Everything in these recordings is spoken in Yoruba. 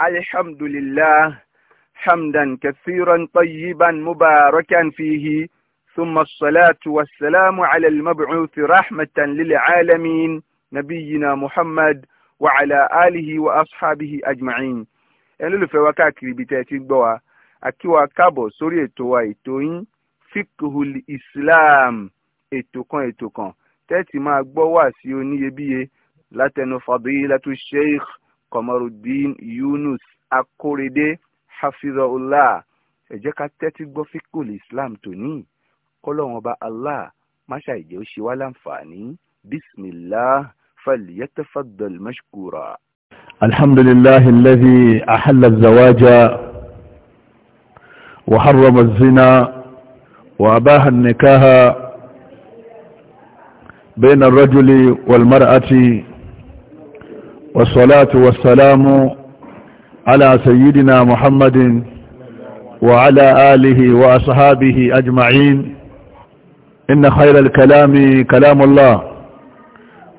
الحمد لله حمدا كثيرا طيبا مباركا فيه ثم الصلاة والسلام على المبعوث رحمة للعالمين نبينا محمد وعلى آله وأصحابه أجمعين ẹni ló fẹ́ wá káàkiri ibi tẹ́ ẹ ti gbọ́ wa àkí wa káàbọ̀ sórí ètò wa ètò yín fikhul islam ètò kan ètò kan tẹ́tì máa gbọ́ wá sí oníyebíye látẹnu fadilatu Kọmọrùdín Yunus Akórèdé hafizahullah ẹ jẹ́ ká tẹ́tí gbọ́ fíkùl Islam tòní kọ́lọ́wọ́n ọba Allah máṣá ìjẹ́ ó ṣe wá láǹfààní bismillah falyatafaddal mashkura. الحمد لله الذي أحل الزواج وحرم الزنا وأباح النكاح بين الرجل والمرأة والصلاة والسلام على سيدنا محمد وعلى آله وأصحابه أجمعين إن خير الكلام كلام الله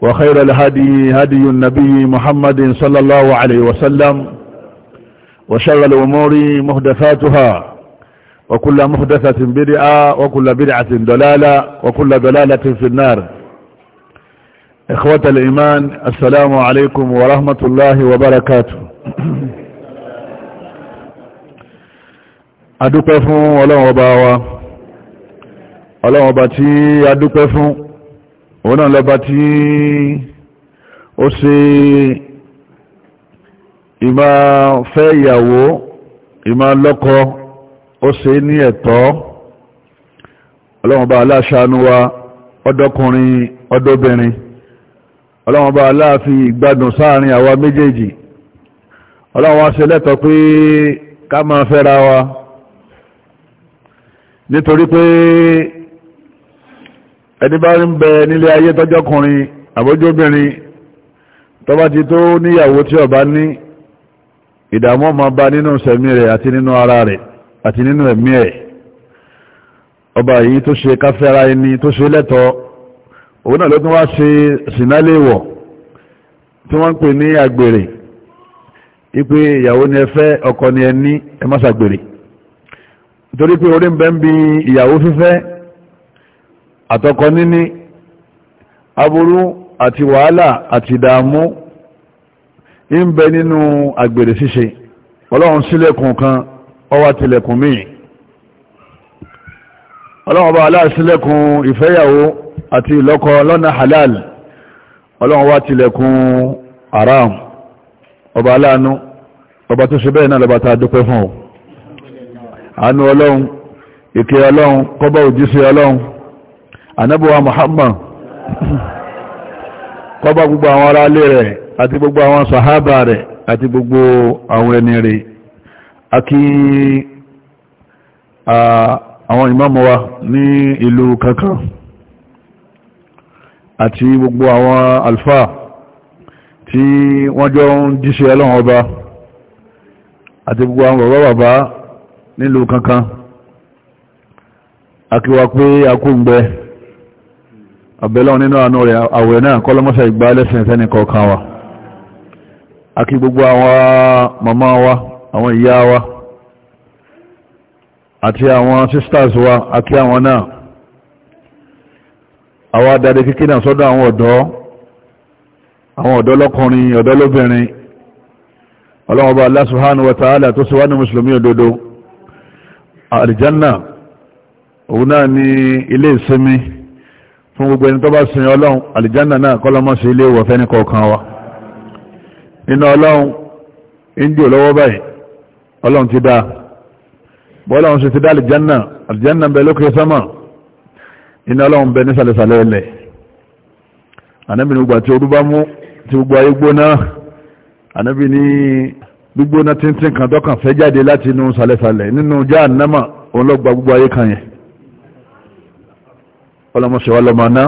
وخير الهدي هدي النبي محمد صلى الله عليه وسلم وشر الأمور محدثاتها وكل محدثة بدعة وكل بدعة دلالة وكل دلالة في النار إخوة الإيمان السلام عليكم ورحمة الله وبركاته adúpẹ́ fún ọlọ́run ọba wa ọlọ́run ọba tí a dúpẹ́ fún òun náà lọ́ba tí ó ṣe ìmá fẹ́ ìyàwó ìmá lọ́kọ ó ṣe ní ẹ̀tọ́ ọlọ́run ọba aláṣánú wa ọdọ́kùnrin ọdọ́bìnrin ọlọ́wọ́n bá aláàfi ìgbádùn sáàrin àwa méjèèjì ọlọ́wọ́n wá ṣe lẹ́tọ̀ pé ká máa fẹ́ra wa nítorí pé ẹni bá ń bẹ nílé ayé tọ́jọ́kùnrin àbójóbìnrin tó bá ti tó níyàwó tí ó bá ní ìdààmú máa bá nínú sẹ̀mí rẹ̀ àti nínú ara rẹ̀ àti nínú ẹ̀mí ẹ̀ ọba yìí tó ṣe káfẹ́ra ẹni tó ṣe lẹ́tọ̀ọ́ òun náà ló tún wá ṣe sìnáléwọ̀ tí wọ́n ń pè ní àgbèrè ipe ìyàwó ni ẹ fẹ́ ọkọ ni ẹ ní ẹ má ṣàgbèrè nítorí pé orí ń bẹ ń bi ìyàwó fífẹ́ àtọkọ níní aburú àti wàhálà àti ìdààmú ń bẹ nínú àgbèrè ṣíṣe ọlọ́run sílẹ̀kùn kan ọwá tilẹ̀kùn míì ọlọ́run ọba aláàsílẹ̀kùn ìfẹ́yàwó àti ìlọ́kọ lọ́nà halal ọlọ́run wá tilẹ̀kùn haram ọba aláàánú ọba tó ṣe bẹ́ẹ̀ náà lọba ta dúpẹ́ fún ọ àánú ọlọ́run ìkẹ́ ọlọ́run kọba òjíṣẹ́ ọlọ́run anábọ̀wà Muhammad kọba gbogbo àwọn ará rẹ̀ àti gbogbo àwọn sàhábà rẹ̀ àti gbogbo àwọn ẹni rẹ̀ àkí àwọn ìmáàmù ní ìlú kankan àti gbogbo àwọn alfa tí wọ́n jọ ń jíṣẹ́ ọlọ́run ọba àti gbogbo àwọn bàbá bàbá nílùú kankan akíwà pé akúngbẹ́ àbẹ́lọ́run nínú àánú rẹ̀ àwẹ̀ náà kọ́lọ́mọ́sà ìgbà lẹ́sìn fẹ́ni kọ̀ọ̀kan wa akí gbogbo àwọn màmá wa àwọn ìyá wa àti àwọn sisters wa akí àwọn náà àwọn adarí kíkí náà sọ́dọ̀ àwọn ọ̀dọ́ àwọn ọ̀dọ́ lọ́kùnrin ọ̀dọ́ lóbìnrin ọlọ́wọ́ba Allah subhanahu wa ta'ala tó sọ wá ní mùsùlùmí òdodo àlìjánà òun náà ní ilé ìsinmi fún gbogbo ẹni tó bá sin ọlọ́run àlìjánà náà kọ́lọ́mọ́ sí ilé ìwọ̀fẹ́ ní kọ̀ọ̀kan wa nínú ọlọ́run indi olówó báyìí ọlọ́run ti dá bọ́ọ̀lọ́run sì ti dá àlìjánà àlìjánà bẹ lókè sánmà iná ọlọ́run bẹ nísàlẹ̀sàlẹ̀ ẹlẹ̀ ànábì ní gbogbo àti orúbá mú ti gbogbo ayé gbóná ànábì ní gbígbóná tíntín kan tọ́kàn fẹ́ jáde láti inú sàlẹ̀sàlẹ̀ nínú jáànámà òun lọ́gba gbogbo ayé kan yẹn ọlọ́mọṣẹ́wà lọ́mọ́ná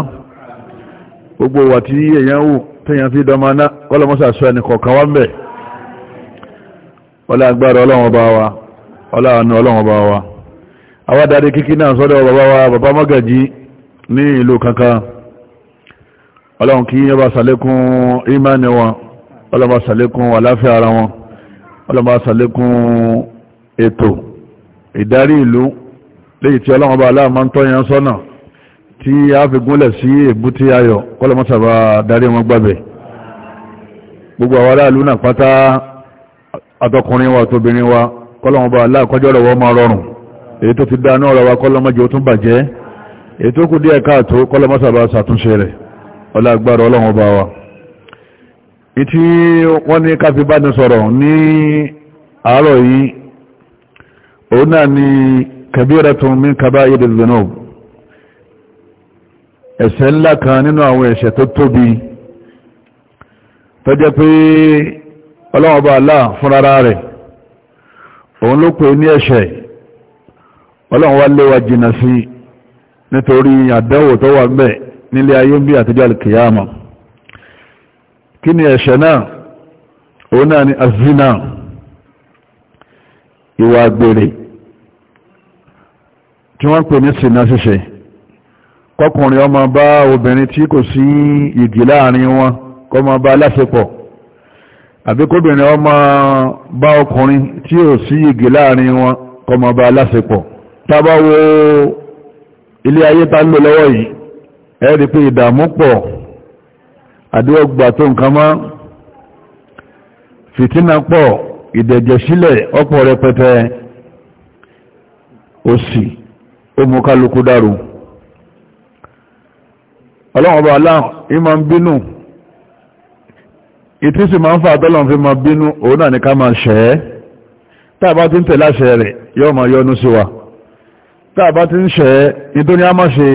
gbogbo wà tí èyàn wù tẹ́yàn fi dọ́mọ́ná ọlọ́mọṣàṣọ́ ẹni kọ̀ọ̀kan wá ń bẹ̀ ní ìlú kankan ọlọ́run kí yẹ́ bá sàlékún ìmáni wọn ọlọ́run bá sàlékún àláfíà ara wọn ọlọ́run bá sàlékún ètò ìdarí ìlú léyìí tí ọlọ́run bá aláàmà ń tọ́yàn sọ́nà tí a fi gúnlẹ̀ sí èbúté ayọ̀ kọ́lọ́mọ́sàbà darí wọn gbàbẹ̀ gbogbo àwọn aráàlú náà pátá ètò kù díẹ̀ káàtó kọlọmọ́sàbá sàtúnṣe rẹ̀ ọlágbára ọlọ́run bá wa ìtí wọ́n ni káfí bá ní sọ̀rọ̀ ní àárọ̀ yìí òun náà ni kabiratun min kaba'ir az-zunub ẹ̀ṣẹ̀ ńlá kan nínú àwọn ẹ̀ṣẹ̀ tó tóbi tó jẹ́ pé ọlọ́run bá aláà fúnrara nítorí àdẹ́wò tó wà mẹ́ nílé ayé ń bí àtijọ́ alkiyama kí ni ẹ̀ṣẹ̀ náà o náà ni azina ìwà àgbèrè tí wọ́n pè ní sinna ṣíṣe kọkùnrin ọmọ bá obìnrin tí kò sí ìgì láàrin wọn kó máa bá aláṣepọ̀ àbí kóbìnrin ọmọ bá ọkùnrin tí ò sí ìgì láàrin wọn kó máa bá aláṣepọ̀ tá ilé ayé tá ń lò lọ́wọ́ yìí ẹ rí pé ìdààmú pọ̀ àdíwọ́gbà tó nǹkan mọ́ fìtínà pọ̀ ìdẹ̀jẹ̀sílẹ̀ ọ̀pọ̀ rẹpẹtẹ òsì ó mú kálukú dàrú ọlọ́run ọba aláhùn ìmọ̀ ń bínú ìtí sì máa ń fà tọ́lọ̀ fi máa bínú òun náà ní ká máa ṣẹ́ tàbá tí ń tẹ̀láṣẹ́ rẹ̀ yọ́ máa yọ́nú sí wa tá a bá ti ń ṣẹ́ nítorí a máa ṣe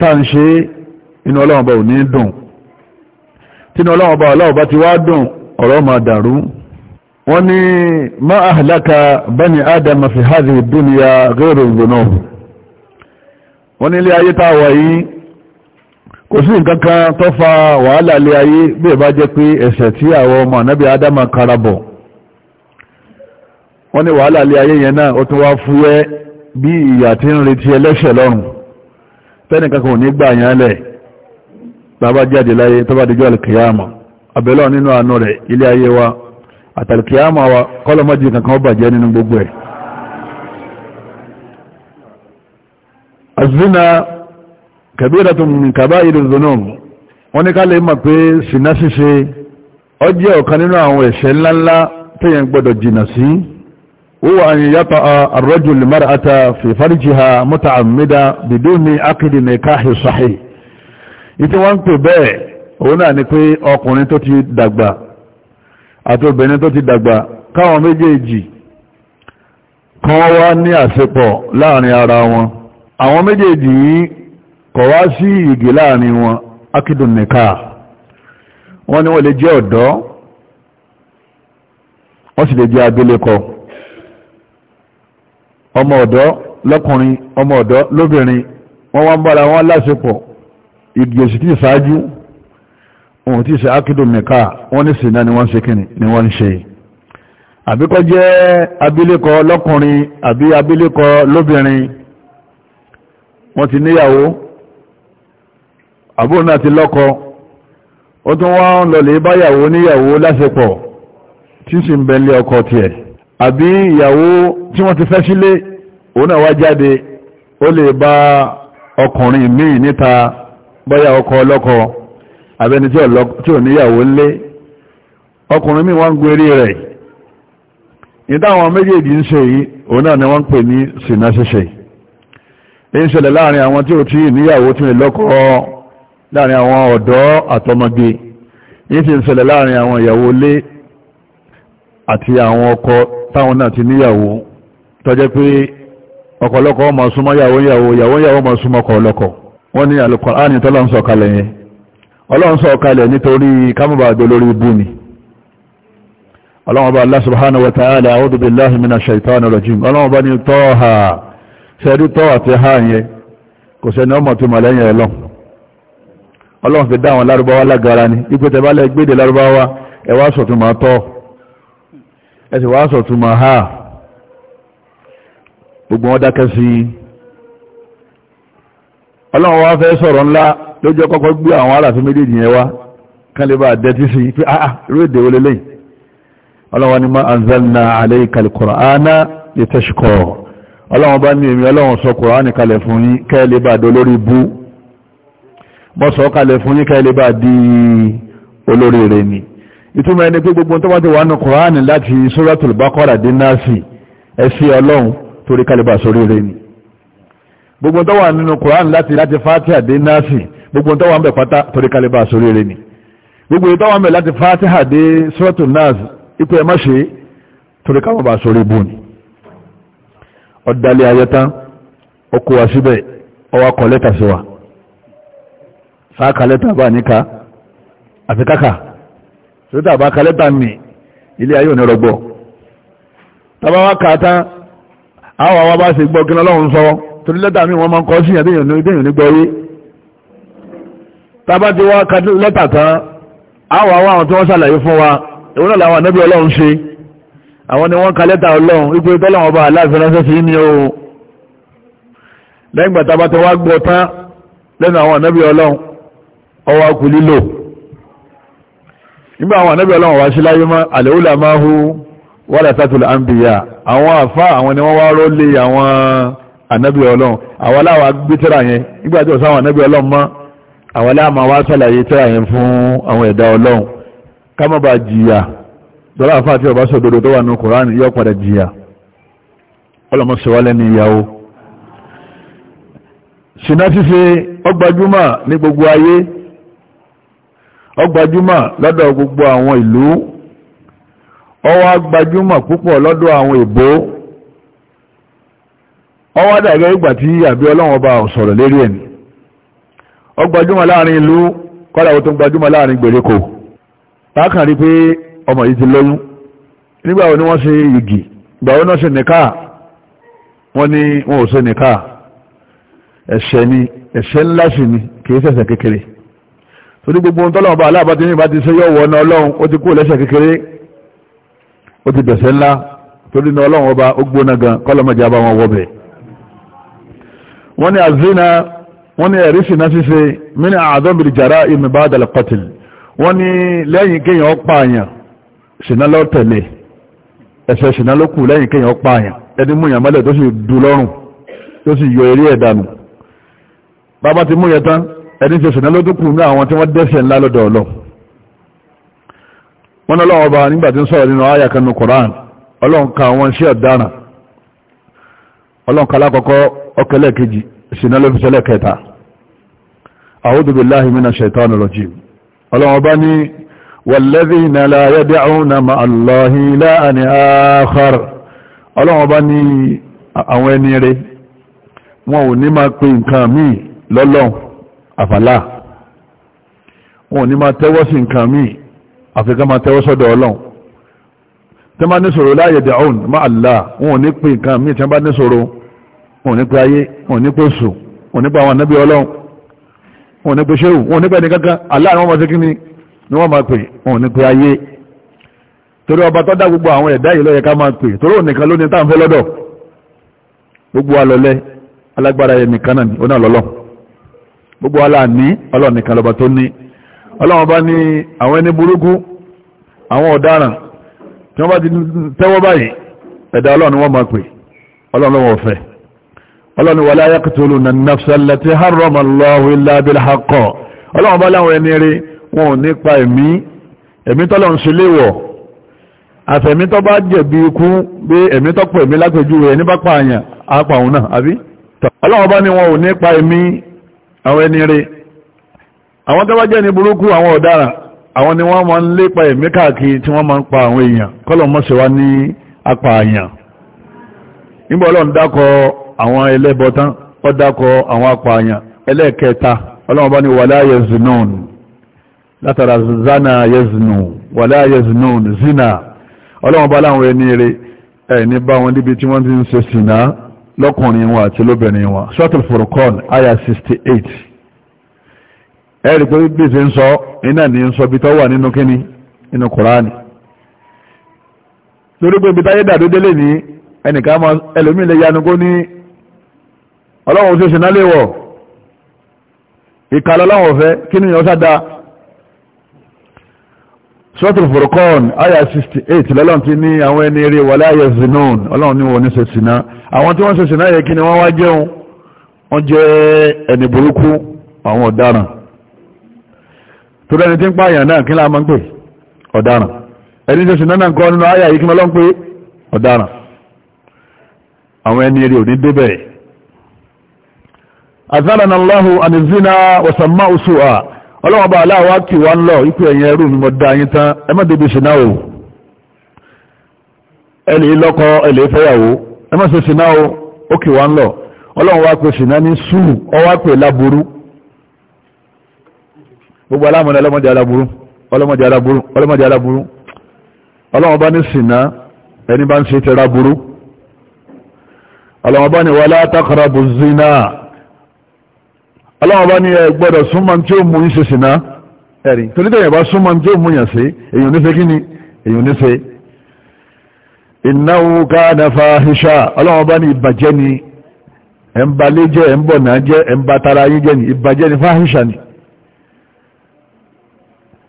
tá ń ṣe inú ọlọ́ọ̀bá ò ní dùn tí inú ọlọ́ọ̀bá ọlọ́ọ̀bá ti wá dùn ọ̀rọ̀ máa dàrú wọ́n ní ma ahlaka bani adam fi hadhihi dunya ghayru dhunub wọ́n ní ilé ayé tá wà yìí kò sí nǹkan kan tó fa wàhálà ilé ayé bí ẹ bá jẹ́ pé ẹ̀ṣẹ̀ tí àwọn ọmọ ànábì adam karabọ̀ wọ́n ní wàhálà ilé ayé yẹn náà ó tún wá fúyẹ́ bí ìyà tí ń retí ẹlẹ́ṣẹ̀ lọ́rùn tẹ́nìkankan ò ní gbà yán lẹ̀ bàbá jáde láyé tó bá dijọ́ alkiyama abẹ́lọ́ nínú àánú rẹ̀ ilé ayé wa àtàlkiyama wa kọ́lọmọ́jì kankan ó bàjẹ́ nínú gbogbo ẹ̀ azina kabiratun min kaba'iri dhunub wọ́n ní ká lè mọ̀ pé sinasíse ó jẹ́ ọ̀kan nínú àwọn ẹ̀ṣẹ̀ هو أن يطأ الرجل المرأة في فرجها متعمدا بدون عقد نكاح صحيح ìtí wọ́n ń pè bẹ́ẹ̀ òun náà ni pé ọkùnrin tó ti dàgbà àti obìnrin tó ti dàgbà káwọn méjèèjì kan wá ní àṣepọ̀ láàrin ara wọn àwọn méjèèjì yìí kọ̀ wá sí ìgè láàrin wọn akídùn nìka wọ́n ní wọ́n lè jẹ́ ọ̀dọ́ wọ́n sì lè jẹ́ abilékọ ọmọ ọ̀dọ́ lọ́kùnrin ọmọ ọ̀dọ́ lóbìnrin wọ́n wá ń bára wọn láṣepọ̀ ìgbèsì tí ìsáájú ohun tí ìsẹ́ akídòmíkà wọ́n ní sínà ni wọ́n ṣe kíni ni wọ́n ń ṣe àbíkọ́ jẹ́ abílékọ lọ́kùnrin àbí abílékọ lóbìnrin wọ́n ti níyàwó àbúrò náà ti lọ́kọ ó tún wá ń lọ lè báyàwó níyàwó láṣepọ̀ tí sì ń bẹ̀lẹ̀ ọkọ tiẹ̀ àbí ìyàwó tí wọ́n ti fẹ́ sílé òun náà wá jáde ó lè bá ọkùnrin míì níta bọ́yá ọkọ ọlọ́kọ abẹni tí ò níyàwó ńlé ọkùnrin míì wọ́n ń gún eré rẹ̀ ìdáwọn méjèèjì ń ṣe yìí òun náà ni wọ́n ń pè ní sínà ṣíṣe ń ṣẹlẹ̀ láàrin àwọn tí ò tí níyàwó tí ò láàrin àwọn ọ̀dọ́ àtọmọdé yìí sì ń ṣẹlẹ̀ láàrin àwọn ìyàwó ilé àti àwọn ọkọ táwọn náà ti níyàwó tọ́jẹ́ pé ọ̀kọ̀lọ́kọ̀ ọmọ súnmọ́ yàwó yàwó yàwó yàwó ọmọ súnmọ́ ọ̀kọ̀lọ́kọ̀ wọ́n ní alùkọ̀ránì tọ́lọ́n sọ̀kalẹ̀ yẹn ọlọ́run sọ̀kalẹ̀ nítorí kámọ́bàdó lórí ibú ni ọlọ́run bá Allah subhanahu wa ta'ala a'udhu billahi minash shaitani rajim ọlọ́run bá ní tọ́ọ̀hà sẹ́rí tọ́ọ̀hà ti há yẹn kò sẹ́ni ọmọ tó mọ̀ lẹ́yìn ẹ̀lọ́ ọlọ́run fi dá àwọn lárúbáwá lágara ni ipò gbogbo wọn dákẹ́ sí i ọlọ́run wá fẹ́ sọ̀rọ̀ ńlá lójú ọkọ̀kọ́ gbé àwọn aláàfin méjèèjì yẹn wá kán lè bá dẹ́tí sí i pé àà ah, ah, irú èdè wọlé lẹ́yìn ọlọ́run ni ma anzalna alayka al-Qur'ana litashqa ọlọ́run bá ní èmi ọlọ́run sọ Qur'ani kalẹ̀ fún yín kẹ́ lè bá dọ lórí bú mọ́ sọ kalẹ̀ fún yín kẹ́ lè bá di olórí rẹ̀ ni ìtumọ̀ ẹni pé gbogbo tó bá ti wà nù Qur'ani láti Suratul Baqara dé náà sí ẹ sí ọlọ́run torí kálíbà sórí rẹ̀ ni gbogbo tó wà nínú Qur'an láti láti Fatiha dé Nasi gbogbo tó wà ń bẹ̀ pátá torí kálíbà sórí rẹ̀ ni gbogbo tó wà ń bẹ̀ láti Fatiha dé Suratu Nas ipò ẹ̀mọ́ torí kálíbà sórí bù ni ọ̀dàlẹ̀ ayẹta ọkọ̀ wa síbẹ̀ ọwà kọ̀ lẹ́tà sí wa sáà kà lẹ́tà bá níka àti káka sọ́tà bá kà lẹ́tà ní ilé ayé òní rọgbọ́ tàbá wá kà á tán àwọn àwọn bá ṣe gbọ́ kí ọlọ́run sọ torí lẹ́tà mi wọ́n máa ń kọ́ sí ìyàn nígbọ́yé tàbá ti wá ka lẹ́tà tán àwọn àwọn àwọn tí wọ́n ṣàlàyé fún wa ìwọ́n náà làwọn ànábì ọlọ́run ṣe àwọn ni wọ́n ka lẹ́tà ọlọ́run wípé tọ́lọ́run ọba aláàfin ránṣẹ́ sí ní o lẹ́yìn gbà tàbá ti wá gbọ́ tán lẹ́nu àwọn ànábì ọlọ́run ọwọ́ kù lílò nígbà àwọn ànábì ọlọ́run wá sí láyé mọ́ àlẹ́ wọ́n àtàtù àmbìyà àwọn àfá àwọn ni wọ́n wá rólé àwọn ànábì ọlọ́run àwọn aláwà gbé tẹ́rà yẹn nígbàtí ọ̀sán àwọn ànábì ọlọ́run mọ́ àwọn aláàmà wá sàlàyé tẹ́rà yẹn fún àwọn ẹ̀dá ọlọ́run kámọ́bà jìyà dọ́lá àfá àti ọba sọ̀dọ̀dọ̀ tó wà ní kòránì yóò padà jìyà ọlọ́mọsọ̀wálẹ́ni ìyàwó ṣìnà ṣíṣe ọgbàjúmọ̀ ní gbogbo ó wá gbajúmọ̀ púpọ̀ lọ́dọ̀ àwọn èbó ó wá dàgẹ́ ìgbà tí àbí ọlọ́wọ́n bá sọ̀rọ̀ lérí ẹni ó gbajúmọ̀ láàrin ìlú kọ́lá tó gbajúmọ̀ láàrin gbèríko tákàn rí pé ọmọ yìí ti lóyún nígbà wo ni wọ́n ṣe igi ìgbà wo náà ṣe nìká wọ́n ní wọn ò ṣe nìká ẹ̀ṣẹ̀ ni ẹ̀ṣẹ̀ ńlá sì ni kìí ṣẹ̀ṣẹ̀ kékeré torí gbogbo ohun tọ́lọ́wọ́n bá aláàbá ti ní ìbá ti ṣe yọ̀wọ̀ ọ̀nà ọlọ́run ó ti kú kékeré ó ti dẹ̀sẹ̀ ńlá torí ní ọlọ́run ọba ó gbóná gan kọ́lọ́mọdé abá wọn wọ́bẹ̀ wọ́n ní àzínà wọ́n ní ẹ̀rí sínà ṣíṣe mínú àádọ́bìrì jàrá ìmìbá àdàlẹ̀kọ́tìl wọ́n ní lẹ́yìn kéèyàn pààyàn sínà lọ tẹ̀lé ẹ̀ṣẹ̀ sínà ló kù lẹ́yìn kéèyàn pààyàn ẹni múyàn mọ́lẹ̀ tó sì dù wọ́n lọ́wọ́ bá nígbàtí ń sọ̀rọ̀ nínú àyà kanú koran ọlọ́nkà wọn sí ọ̀daràn ọlọ́nkà alákọ̀ọ́kọ́ ọkẹlẹ̀ kejì sínú lọ́fíṣẹ́lẹ̀ kẹta a'udhu billahi minash shaitani rajim ọlọ́wọ́ bá ní walladhina la yad'una ma'a Allahi ilahan akhar ọlọ́wọ́ bá ní àwọn ẹni rẹ̀ wọn ò ní àfikà máa tẹ́wọ́ sọ́dọ̀ ọlọ́run tí wọ́n bá níṣòro láàyè dàún má àlá wọn ò ní pè nǹkan míì tí wọ́n bá níṣòro wọn ò ní pè ayé wọn ò ní pè sùn wọn ò ní pè àwọn anábì ọlọ́run wọn ò ní pè ṣéwù wọn ò ní pè ní kankan àlá àwọn ọmọ sí kí ni ni wọ́n máa pè wọn ò ní pè ayé torí ọba tó dá gbogbo àwọn ẹ̀dá yìí ló ká máa pè torí òníkan ló ní tá fẹ́ lọ́dọ̀ gbogbo ọlọ́wọ́n bá ní àwọn ẹni burúkú àwọn ọ̀daràn tí wọ́n bá ti tẹ́wọ́ báyìí ẹ̀dá ọlọ́run wọ́n máa pè ọlọ́run ọ̀fẹ́ ọlọ́run wala yaqtuluna an-nafsa allati harrama Allahu illa bil haqq ọlọ́run bá láwọn ẹni ò nípa ẹ̀mí àwọn ẹni rí àwọn tó bá jẹ́ ní burúkú àwọn ọ̀daràn àwọn ni wọ́n máa ń lépa ẹ̀mí káàkiri tí wọ́n máa ń pa àwọn èèyàn kọ́lọ̀ mọ́ sí wá ní apá àyàn nígbà ọlọ́run dákọ àwọn ẹlẹ́bọ tán ó dákọ àwọn apá àyàn ẹlẹ́ẹ̀kẹta ọlọ́run bá ní wàlá zina ọlọ́run bá láwọn ẹni rẹ ẹni bá wọn níbi tí wọ́n ti ń ṣe sìnà lọ́kùnrin wọn àti lóbìnrin wọn suratul 68 ẹ̀rí pé bí ṣe ń sọ iná ní ń sọ bí tọ́ wà nínú kíní nínú kùránì lórí pé ibi táyé dàdó délé ní ẹnìkan máa ẹlòmí ilẹ̀ yanugó ní ọlọ́run ṣe ṣe náléwọ̀ ìkàlọ́ ọlọ́run ọ̀fẹ́ kí ni ọ̀sá da sọ́tùl fòrókọ́ọ̀n àyà 68 lọ́lọ́run ti ní àwọn ẹni eré wà láyé zinon ọlọ́run ní wọn ní ṣe ṣìná àwọn tí wọ́n ṣe ṣìná yẹ kí ni wọ́n wá jẹun wọ́n jẹ́ ẹni burúkú àwọn ọ̀daràn tụrụ rẹni tí ń pààyàn náà kí láàmà ń pè ẹni tí ó náà kọ́ nínú yìí kí àwọn ẹni òní débẹ̀ ànìzínà oṣù à wá ń lọ ipò mi yín tán ẹ má débi ṣe náà o gbogbo alámọ̀ni ọlọ́mọdé aláburú ọlọ́mọdé aláburú ọlọ́mọdé aláburú ọlọ́wọ́n bá ní sìnà ẹni bá ń ṣe tẹ́ra burú ọlọ́wọ́n bá ní wala taqrabu zina ọlọ́wọ́n bá ní ẹ gbọ́dọ̀ súnmọ́ tí ó mú yín ṣe sìnà ẹ̀rí torí tẹ̀yẹ̀ bá súnmọ́ tí ó mú yàn sí èyàn nífẹ́ kí ni èyàn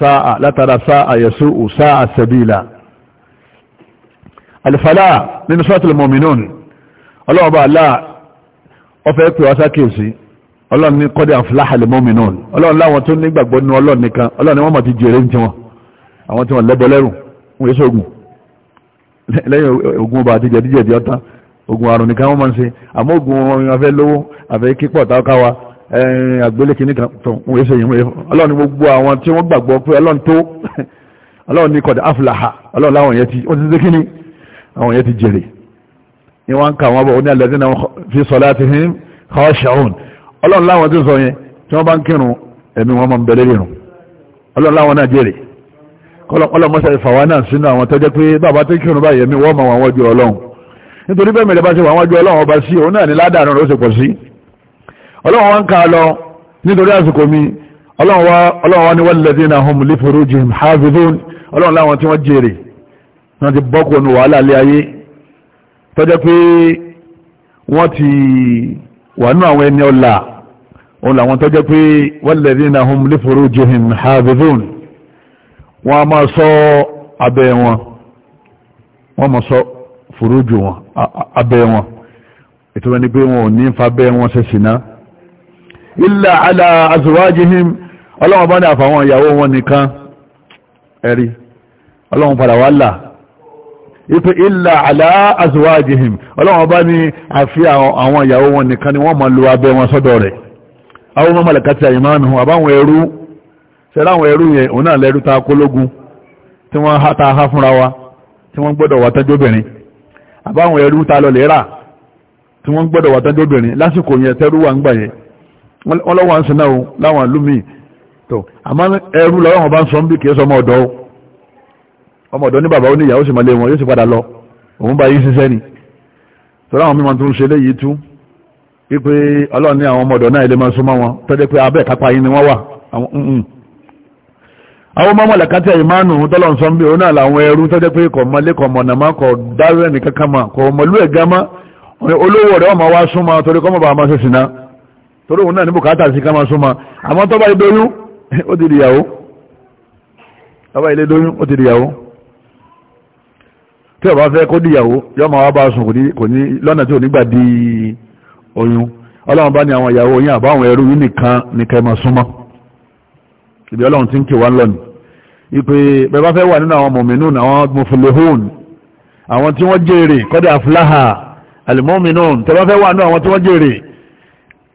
sáà látara sáà yẹ̀sù sáà sẹ̀bílà alifalá nínú sọ́tìlì mọ̀mìnún ọlọ́ọ̀bá aláà ọfẹ́ pè wá sákèsí ọlọ́run ní kọ́dẹ̀ àfúláhàlì mọ́mìnún ọlọ́run láwọn tó nígbàgbọ́ ní ọlọ́run nìkan ọlọ́run ni wọ́n mọ̀ ti jèrè ní tiwọn àwọn tí wọ́n lẹ́bọ lẹ́rù ń yẹ́ sóògùn lẹ́yìn ogun ọba àti jẹ̀díjẹ̀dí ọ̀tá àgbélékè ní kan tó wọ́n ṣe yìí ọlọ́run ni gbogbo àwọn tí wọ́n gbàgbọ́ pé ọlọ́run tó ọlọ́run ní kọ̀dá afúláhà ọlọ́run láwọn yẹn ti ó ti dékí ni àwọn yẹn ti jèrè ni wọ́n ń ka wọn bọ̀ ó ní alẹ́ dínà fi salatihim khashi'un ọlọ́run láwọn tí ń sọ yẹn tí wọ́n bá ń kírun ẹ̀mí wọn máa ń bẹ̀rẹ̀ rírun ọlọ́run láwọn náà jèrè ọlọ́run mọ́sá ìfàwa ọlọ́run wá ń ká lọ nítorí àsìkò mi ọlọ́run wá ní walladhina hum li furujihim hafizun ọlọ́run láwọn tí wọ́n jèrè ti bọ́kù ọ̀nà wàhálà lé ayé tọ́jẹ́ pé wọ́n ti wà nú àwọn ẹni ọ̀la òun làwọn pé walladhina hum wọn máa sọ abẹ́ wọn pé wọn ò ní fa wọn illa ala azwajihim ọlọ́wọ́n bá ní àfàwọn ìyàwó wọn nìkan ẹ̀rí ọlọ́wọ́n padà wà láà ipe illa ala azwajihim ọlọ́wọ́n bá ní àfi àwọn ìyàwó wọn nìkan ni wọ́n ma lo wọn sọ́dọ̀ rẹ̀ tí wọ́n ha wa gbọ́dọ̀ wàtánjóbìnrin àbáwọn ta lásìkò yẹn wọ́n lọ́wọ́ ń sinna o láwọn àlùmí tó àmọ́ ẹrú lọ́wọ́ wọn bá ń sọ ń bí kìí sọ ọmọ ọ̀dọ́ ní bàbá ó sì mọ̀lẹ́ wọn yóò sì padà lọ òun bá yín ṣiṣẹ́ ni tó láwọn mímọ tó ń ṣe léyìí tú wípé ọlọ́run ní àwọn ọmọ ọ̀dọ́ náà ilé máa súnmọ́ wọn tó jẹ́ pé abẹ́ kápá yín ni wọ́n wà àwọn mm, mm. ọmọ ọmọlẹ̀ kátí ẹ̀yìn márùn ún tọ́lọ̀ sọ bí òun àlàwọn ẹrú tọ́jẹ́ pé kọ̀ mọ́lé kọ̀ mọ̀nà máa kọ̀ dáwẹ́ torí òun náà ní bùkátà sí ká máa súnmọ́ àmọ́ tọ́ba ìdóyún ó ti dìyàwó tọ́ba ilé dóyún ó ti dìyàwó tí ó bá fẹ́ kó dìyàwó yọ́ máa wá bá sùn kò ní lọ́nà tí ò nígbà di oyún ọlọ́run bá ní àwọn ìyàwó yín àbáwọn ẹrú yín nìkan ní kẹ́ máa súnmọ́ ìbí ọlọ́run ti ń kì wa ń lọ́nà ìpè bẹ́ẹ̀ fẹ́ wà nínú àwọn mọ̀mìnún àwọn mufilihun àwọn tí wọ́n jèrè kọ́dà fúláhà àlùmọ́mìnún tẹ́ bá fẹ́ wà nínú àwọn tí wọ́n jèrè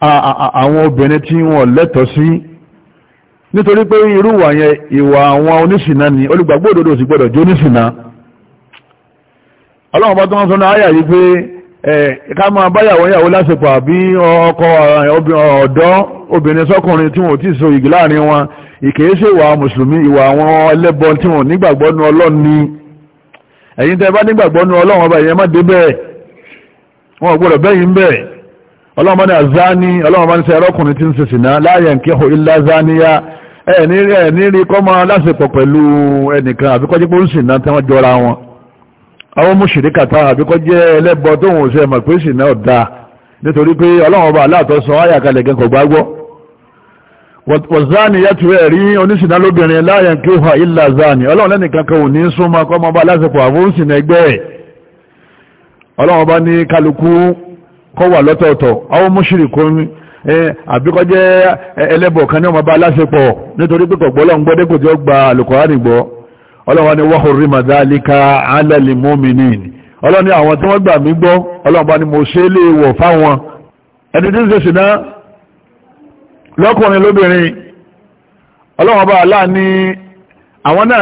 àwọn obìnrin tí wọ́n lẹ́tọ̀ọ́ sí nítorí pé irú wà yẹn ìwà àwọn oníṣìnà ni olùgbàgbọ́ òdodo sì gbọ́dọ̀ jó oníṣìnà ọlọ́run bá tó wọ́n sọ náà ayà yìí pé ká máa báyàwó yàwó lásìkò àbí ọkọ ọ̀dọ́ obìnrin sọ́kùnrin tí wọ́n ti so ìgì láàrin wọn ìkèéṣe ìwà mùsùlùmí ìwà àwọn ẹlẹ́bọ tí wọ́n nígbàgbọ́ nu ọlọ́run ni ẹ̀yin tẹ́ bá nígbàgbọ́ nu ọlọ́run ọba ìyẹn má dé bẹ́ẹ̀ wọn ò gbọ́dọ̀ bẹ́yìn bẹ́ẹ̀ ọlọ́run bá ní àzáni ọlọ́run bá ní sẹ́ ẹrọ́kùnrin tí ń ṣe sìná láàyè ń kíhò ilá záníyá ẹ̀ ní rí kọ́mọ lásìpọ̀ pẹ̀lú ẹnìkan àbíkọ́jẹ́ pé ó ń sìná tí wọ́n jọra wọn àwọn mùṣìríkàtà àbíkọ́jẹ́ ẹlẹ́bọ tó ń ṣe mọ̀ pé sìná ọ̀dà nítorí pé ọlọ́run bá aláàtọ̀ sọ áyàkalẹ̀ gan kò gbàgbọ́ wọ̀záni yá tu ẹ̀rí oníṣìná lóbìnrin láàyè ń kíhò ilá záni ọlọ́run ní kálukú kọ́ wà lọ́tọ̀ọ̀tọ̀ àwọn mushrikun àbíkọ́ jẹ́ ẹlẹ́bọ̀ kan ní ọmọ bá aláṣepọ̀ nítorí pípọ̀ gbọ́lọ́ ń gbọ́dẹ́ kò tí ó gba alùkọ̀ọ́rì gbọ́ ọlọ́wọ́ ni wa hurrima dhalika ala al-mu'minin ọlọ́ni àwọn tí wọ́n ni mo ṣe lè ni wọ́n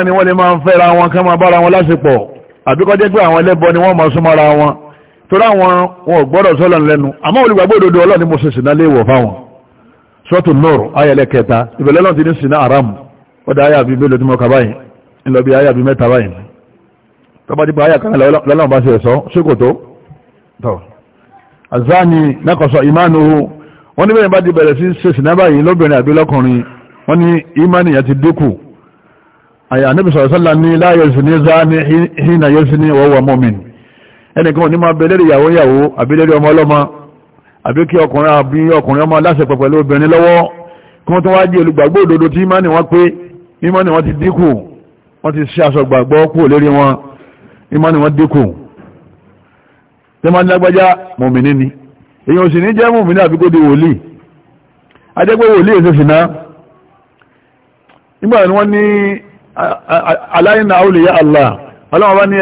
lè máa ń fẹ́ra wọn kẹ́ máa bára torí àwọn wọn gbọ́dọ̀ sọ́lọ̀ lẹ́nu àmọ́ olùgbàgbọ́ òdodo Ọlọ́run ni mo ṣe sìnà léèwọ̀ fáwọn sọ́tù nọ́ọ̀rù ayẹlẹ kẹta ìbẹ̀lẹ̀ Ọlọ́run ti ní sìnà àràmù ọdá ayà bíi mélòó tí mo kà báyìí ńlọ bí ayà bíi mẹ́ta báyìí tọ́ba dípa ayà kan lọ́lọ́run bá ṣe ẹ̀sọ́ ṣékòtó tọ́ azani nakọ̀sọ ìmánuhu wọ́n ní bẹ́ẹ̀ bá ti bẹ̀rẹ̀ sí ṣe sìnà báyìí lóbìnrin àbí lọ́kùnrin wọ́n ní ìmánu yẹn ti dínkù àyà anábìsọ̀rọ̀ sọ́lá ní láyé ìsìn ní zani hínà yẹ́sìn ní wọ́wọ́ mọ́mìn ẹnìkan ní máa bẹ̀lẹ́rì ìyàwó ìyàwó àbílẹ́rì ọmọ ọlọ́mọ àbí kí ọkùnrin àbí ọkùnrin ọmọ aláṣẹpọ̀ pẹ̀lú obìnrin lọ́wọ́ kí wọ́n tó wá di olùgbàgbọ́ òdodo tí ìmánì wọn pé ìmánì wọn ti dínkù wọ́n ti ṣe aṣọ gbàgbọ́ kú lórí wọn ìmánì wọn dínkù tí wọ́n lágbájá mùmìnì ni èyàn sì ní jẹ́ mùmìnì àbí kó di wòlíì adẹ́gbẹ́ wòlíì èso sì nígbà ni wọ́n ní aláìnà àwòlẹ̀yà Allah ọlọ́wọ́ bá ní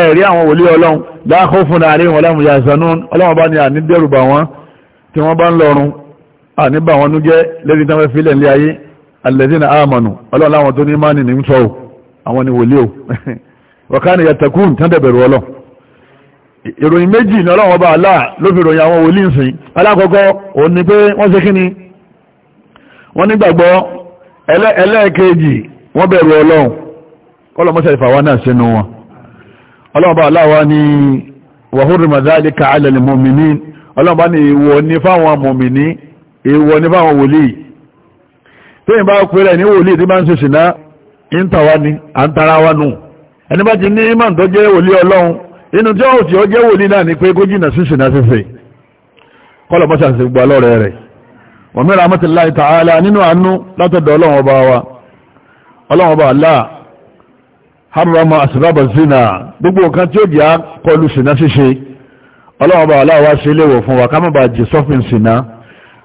ẹ̀rí àwọn wòlí ọlọ́run dákó fún àárín wọn lẹ́mù yàzánú ọlọ́wọ́ bá ní àníbẹ̀rùbà wọn tí wọ́n bá ń lọrun àníbà wọn ní jẹ́ lẹ́ni tán fẹ́ fílẹ̀ ní ayé alẹ́dínà àmànù ọlọ́run láwọn tó ní mánì ní sọ́ọ̀ àwọn ni wòlí o wọ̀kánì yàtàkùn tán dẹ̀bẹ̀rù ọlọ́ ìròyìn méjì ni wọ́n ṣe kíni wọ́n wọ́n bẹ̀rù ọlọ́run kọ́lọ̀ mọ́sẹ̀ ìfàwà náà sínú wọn ọlọ́ọ̀bá aláwa ni wàhúrùmà dhalika ala al-mu'minin ọlọ́ọ̀bá ni ìwọ ní fáwọn mọ̀mìní ìwọ ní fáwọn wòlíì tí ìbá pẹ̀lẹ̀ ní wòlíì tí bá ń ṣèṣì ná ìntàwá ni à ń tara wá nù ẹni bá ti ní imam tó jẹ́ wòlíì ọlọ́run inú tí ó sì ó jẹ́ wòlíì náà ni pé harrama asbaba zina gbogbo nǹkan tí ó jẹ́ àkọlù ṣìná ṣíṣe ọlọ́wọ́ba aláwọ̀ ṣe léwọ̀ fún wa ká má jẹ́ sọ́fin ṣìná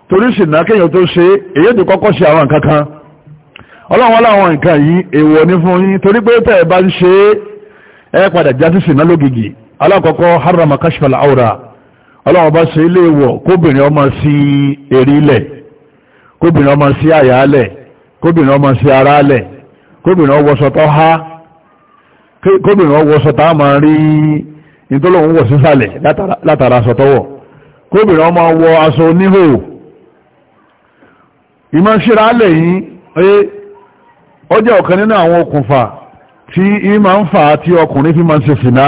torí ṣìná kéèyàn tó ṣe èyí ti kọ́kọ́ ṣe àwọn nǹkan ọlọ́wọ́ aláwọ̀ nǹkan yìí èèwọ̀ ní fún yín torí pé tẹ́ ẹ bá ń ṣe é ẹ padà já sí alákọ̀ọ́kọ́ harrama kashfal aura ṣe léwọ̀ kóbìnrin ọmọ sí kóbìnrin ọmọ sí kóbìnrin ọmọ sí kóbìnrin ha kóbìnrin ọwọ́ sọta máa rí ìtọ́lọ́wọ́ wọ̀ sísàlẹ̀ látara sọtọ́wọ̀ kóbìnrin ọmọ wọ aṣọ oníhò ìmọ̀ ṣíra alẹ̀ yìí oye ó ọ̀kan nínú àwọn okùnfà tí ìmọ̀ ń fà tí ọkùnrin fi máa ń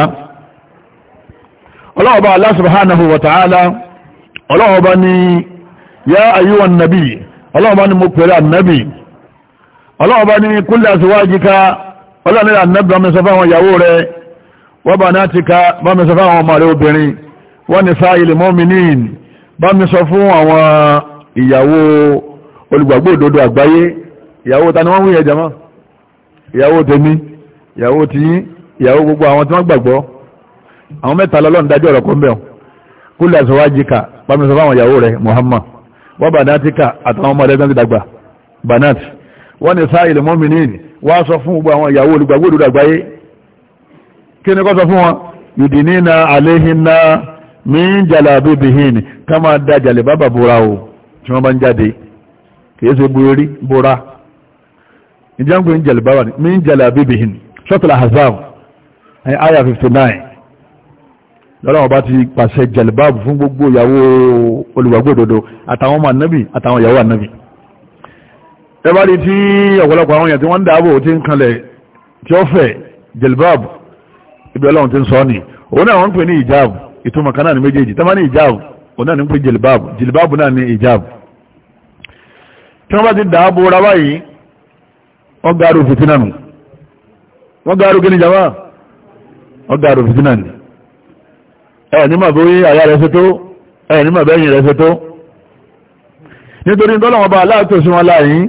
ọlọ́ọ̀bá Allah subhanahu ọlọ́ọ̀bá ni yá ayúwa nàbí ọlọ́ọ̀bá ni mo ọlọ́ọ̀bá ni kúlẹ̀ ọlọ́nira nẹ́bà mẹ́sọ fáwọn ìyàwó rẹ̀ wọ́n bá náà ti ká bá mẹ́sọ fáwọn ọmọ rẹ̀ obìnrin wọ́n ni fa ilẹ̀ mọ́mìnín bá mẹ́sọ fún àwọn ìyàwó olùgbàgbọ́ òdodo àgbáyé ìyàwó ta ni wọ́n wúyẹ jama ìyàwó tèmi ìyàwó tiyín ìyàwó gbogbo àwọn tí wọ́n gbàgbọ́ àwọn mẹ́ta lọ́lọ́run dájọ́ ọ̀rọ̀ kọ́ńbẹ̀ kúlẹ̀ àṣọwájíkà bá mẹ́sọ fáwọn ìyàwó rẹ̀ Muhammad wọ́n bá náà ti ká àtàwọn ọmọ rẹ̀ tán ti dàgbà wá sọ fún gbogbo àwọn ìyàwó olùgbàgbọ́ òdòdó àgbáyé kí ni kọ́ sọ fún wọn yudinina aléhinna min jalabibihin ká máa da jàlẹ̀bábà bóra o tí wọ́n bá ń jáde kìí ṣe borí bóra ìjọ́ngbé ń jàlẹ̀bábà min jalabibihin sọ́tàlá hazam aya 59 lọ́lọ́wọ́ bá ti pàṣẹ jàlẹ̀bábà fún gbogbo ìyàwó olùgbàgbọ́ òdòdó ẹ bá rí tí ọ̀pọ̀lọpọ̀ àwọn èèyàn tí wọ́n ń dáàbò tí ń kanlẹ̀ tí ó fẹ̀ jelbab ibi ọlọ́run ti ń sọ ni òun náà wọ́n ń pè ní ìjáàb ìtumọ̀ kan náà ní méjèèjì tó máa ní ìjáàb òun náà ní ń pè jelbab jelbab náà ní ìjáàb tí wọ́n bá ti dáàbò ra báyìí wọ́n gáàrú fìtínà wọ́n gáàrú kí ni jama wọ́n gáàrú fìtínà nì ẹ̀ ní mà bóyí àyà rẹ̀ ṣe tó ẹ̀ ní mà bẹ́yìn rẹ̀ ṣe tó nítorí tọ́lọ́wọ́n bá aláàtọ̀ sí wọn láàyín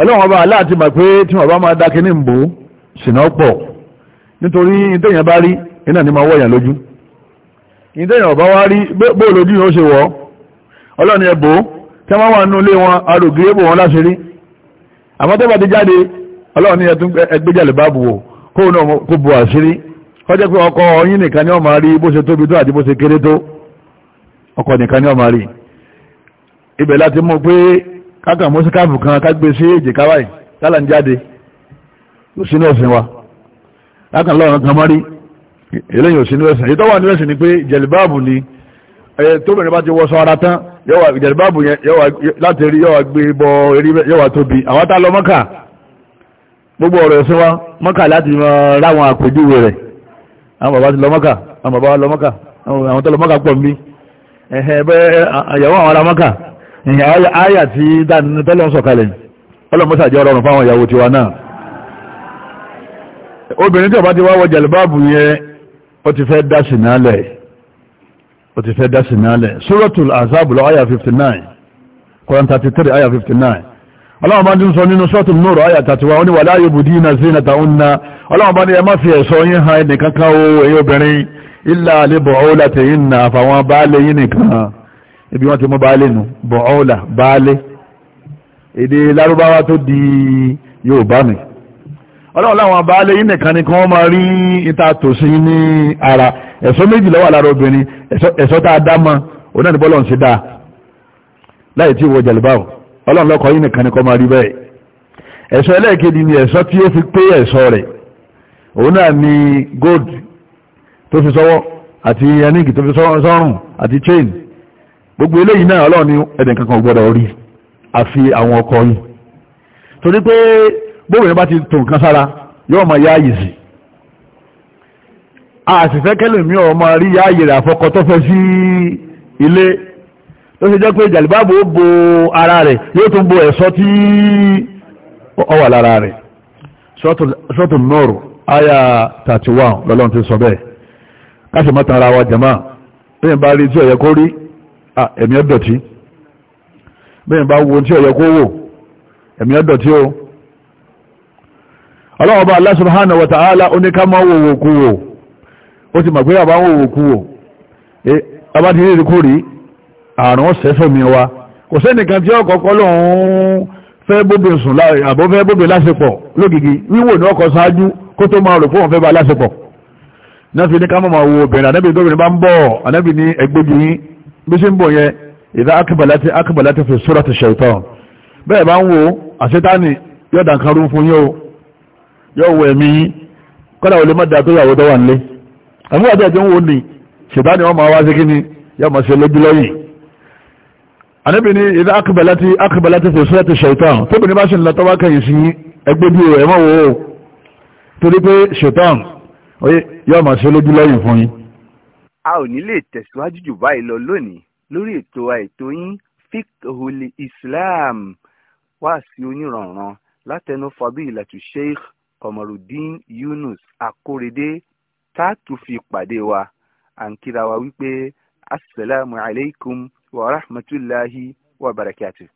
ọlọ́run ọba aláàtí mà pé tí wọ́n bá máa dákẹ́ ní ìbò ṣìnà pọ̀ nítorí ìdẹ́yàn bá rí iná ní ma wọ́yàn lójú ìdẹ́yàn ọba wá rí bóò lójú yóò ṣe wọ́ ọlọ́run ẹ̀bò tí wọ́n wà nínú ilé wọn arògì ẹ̀bò wọn láṣẹ rí àmọ́ tó bá ti jáde ọlọ́run ẹgbẹ́jàlè bá bù wò kó náà kó bu àṣírí kọjá pé ọkọ yín nìkan ni wọ́n máa rí bó ṣe tóbi tó àti bó ṣe kéré tó ọkọ nìkan ni wọ́n máa rí ibẹ̀ láti mú pé kákan mú síkáàfù kan kágbé sí èjì káwáì tálà ń jáde kò sínú ẹ̀sìn wa kákan lọ́rùn kan mọ́rí eléyìn ò ẹ̀sìn èyí tó wà nínú ẹ̀sìn ni pé jẹ̀lìbáàbù ni tóbìnrin bá ti wọ́sọ ara tán jẹ̀lìbáàbù yẹn láti rí yọ́wà gbé bọ eré yọ́wà tóbi àwọn tá lọ mọ́kà gbogbo ọ̀rọ̀ ẹ̀sìn wa mọ́kà láti ráwọn àpèjúwe rẹ̀ àwọn bàbá ti lọ mọ́kà àwọn bàbá lọ mọ́kà àwọn tó lọ mọ́kà pọ̀ mí ẹ̀hẹ̀ bẹ́ẹ̀ àyàwó àwọn ará mọ́kà àyà tí tọ́lọ́ sọ̀kalẹ̀ ọlọ́mọ́sàjẹ́ ọlọ́run fáwọn ìyàwó tiwa náà obìnrin tí ó bá ti wá wọ jẹ̀lúbáàbù yẹn ó ti fẹ́ dásì suratul azabu lọ àyà 59 Quran 33 àyà 59 ọlọ́run bá ti ń sọ nínú suratul nur àyà 31 ó ní wala yubdina zinatahunna ọlọ́run bá ní ẹ má fi ẹ̀ṣọ́ yín han ẹnìkankan o èyí obìnrin illa li bu'ulatihinna àfàwọn baálé yín nìkan ibi wọ́n ti mú baálé nù bọ̀ọ́là baálé èdè lárúbáwá tó di yorùbá mi ọlọ́run láwọn baálé yìí nìkan ni kí wọ́n máa rí ìta tòsí ní ara ẹ̀ṣọ́ méjì ló wà lára obìnrin ẹ̀ṣọ́ tá a dá mọ́ òun náà ní bọ́lọ̀ ń ṣe dáa láì tí ìwọ jẹ̀lúbáwò ọlọ́run lọ́kọ̀ yìí nìkan ni kọ́ máa rí bẹ́ẹ̀ ẹ̀ṣọ́ ẹlẹ́ẹ̀kejì ni ẹ̀ṣọ́ tí ó fi pé ẹ̀ṣọ́ rẹ̀ òun náà ni gold tó fi sọ́wọ́ àti ẹníkì tó fi sọ́rùn àti chain gbogbo eléyìí náà ọlọ́run ní ẹ̀dẹ̀ kankan gbọ́dọ̀ rí àfi àwọn ọkọ yìí torí pé bóbìnrin bá ti tò nǹkan sára yóò máa yá àyè sí a sì fẹ́ kẹ́lẹ̀ mi ọmọ rí yá àyè rẹ̀ àfọkọ tó fẹ́ sí ilé tó ṣe jẹ́ pé jàlíbáàbò bo ara rẹ̀ yóò tún bo ẹ̀ṣọ́ tí ó wà lára rẹ̀ sọ́tù nọ́ọ̀rù àyà 31 lọ́lọ́run ti sọ bẹ́ẹ̀ káṣí mọ́tàn wa jẹ̀má bẹ́ẹ̀ bá rí tí ó kó rí Ah, ẹ̀mí ọ̀dọ̀tí bẹ́ẹ̀ bá wo tí ọ̀yẹ́ kó wò ẹ̀mí ọ̀dọ̀tí o ọlọ́wọ́ bá Allah subhanahu wa ta'ala oníkàmọ́ wòwò kú wò ó ti mọ̀ pé àbá wòwò kú wò ọba ti rí kú rí àrùn ọ̀sẹ̀fẹ̀ mi wa kò sẹ́nìkan tí ọkọ̀ kọ́ lòun fẹ́ bóbin sùn àbọ̀ fẹ́ bóbin lásìpọ̀ lógìgì wíwò ní ọkọ̀ ṣáájú kó tó máa rò fún òun fẹ́ bá lásìpọ̀ náà fi ní ká mọ̀ wo obìnrin ànábì tóbìnrin bá ń bọ̀ ànábì ní ẹgbẹ́gi yín bí ṣe ń bọ̀ yẹn ìdá akíbalátí akíbalátí fi surati shaitan bẹ́ẹ̀ bá ń wo àṣetáni yóò dàn kan rú fún yóò yóò wọ ẹ̀mí yín kọ́dà olè má dáa tó yàwó dọ́wà ńlé àmì wàjẹ́ àti òun ni ṣètáni wọn máa wá sí kíni yóò máa ṣe lójú lọ́yìn àníbi ni ìdá akíbalátí akíbalátí fi surati shaitan a ò ní lè tẹ̀síwájú jù báyìí lọ lónìí lórí ètò àìtó yín fikhul islam wá sí onírànran látẹnu fadilatu sheikh kọmọrùdín yunus akórèdé tá fi pàdé wa à ń kíra wa wípé asalaamualeykum wa rahmatulahi wa barakatuh.